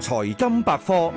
財金百科，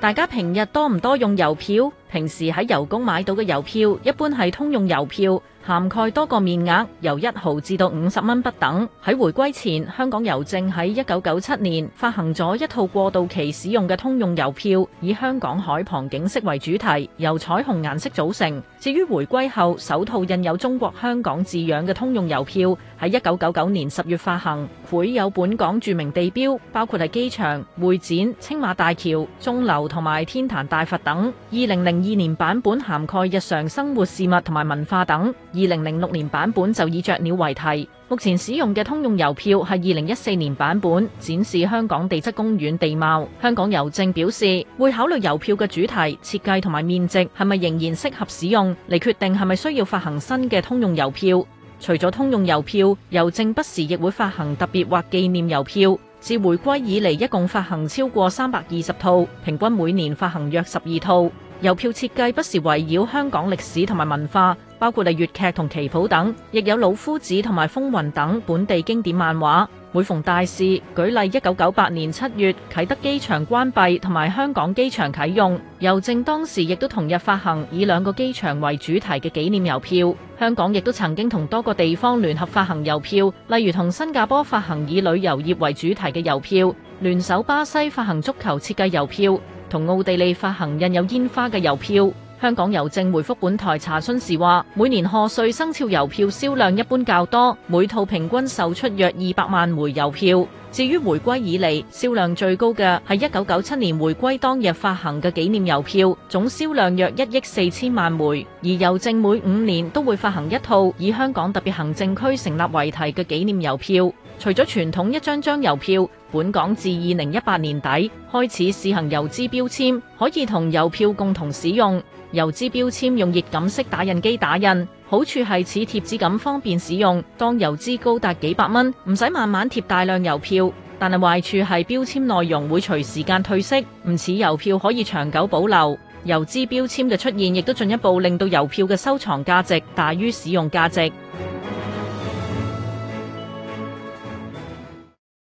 大家平日多唔多用郵票？平時喺郵局買到嘅郵票，一般係通用郵票，涵蓋多個面額，由一毫至到五十蚊不等。喺回歸前，香港郵政喺一九九七年發行咗一套過渡期使用嘅通用郵票，以香港海旁景色為主題，由彩虹顏色組成。至於回歸後首套印有中國香港字樣嘅通用郵票，喺一九九九年十月發行，繪有本港著名地標，包括係機場、會展、青馬大橋、鐘樓同埋天壇大佛等。二零零二年版本涵蓋日常生活事物同埋文化等，二零零六年版本就以雀鳥為題。目前使用嘅通用郵票係二零一四年版本，展示香港地質公園地貌。香港郵政表示會考慮郵票嘅主題、設計同埋面額係咪仍然適合使用，嚟決定係咪需要發行新嘅通用郵票。除咗通用郵票，郵政不時亦會發行特別或紀念郵票。自回歸以嚟，一共發行超過三百二十套，平均每年發行約十二套。郵票設計不時圍繞香港歷史同埋文化，包括例粵劇同旗袍等，亦有老夫子同埋風雲等本地經典漫畫。每逢大事，舉例一九九八年七月啟德機場關閉同埋香港機場啟用，郵政當時亦都同日發行以兩個機場為主題嘅紀念郵票。香港亦都曾經同多個地方聯合發行郵票，例如同新加坡發行以旅遊業為主題嘅郵票，聯手巴西發行足球設計郵票，同奧地利發行印有煙花嘅郵票。香港郵政回覆本台查詢時話，每年賀歲生肖郵票銷量一般較多，每套平均售出約二百萬枚郵票。至於回歸以嚟銷量最高嘅係一九九七年回歸當日發行嘅紀念郵票，總銷量約一億四千萬枚。而郵政每五年都會發行一套以香港特別行政區成立為題嘅紀念郵票。除咗傳統一張張郵票，本港自二零一八年底開始試行郵資標籤，可以同郵票共同使用。郵資標籤用熱感式打印機打印，好處係似貼紙咁方便使用。當郵資高達幾百蚊，唔使慢慢貼大量郵票。但係壞處係標籤內容會隨時間褪色，唔似郵票可以長久保留。郵資標籤嘅出現，亦都進一步令到郵票嘅收藏價值大於使用價值。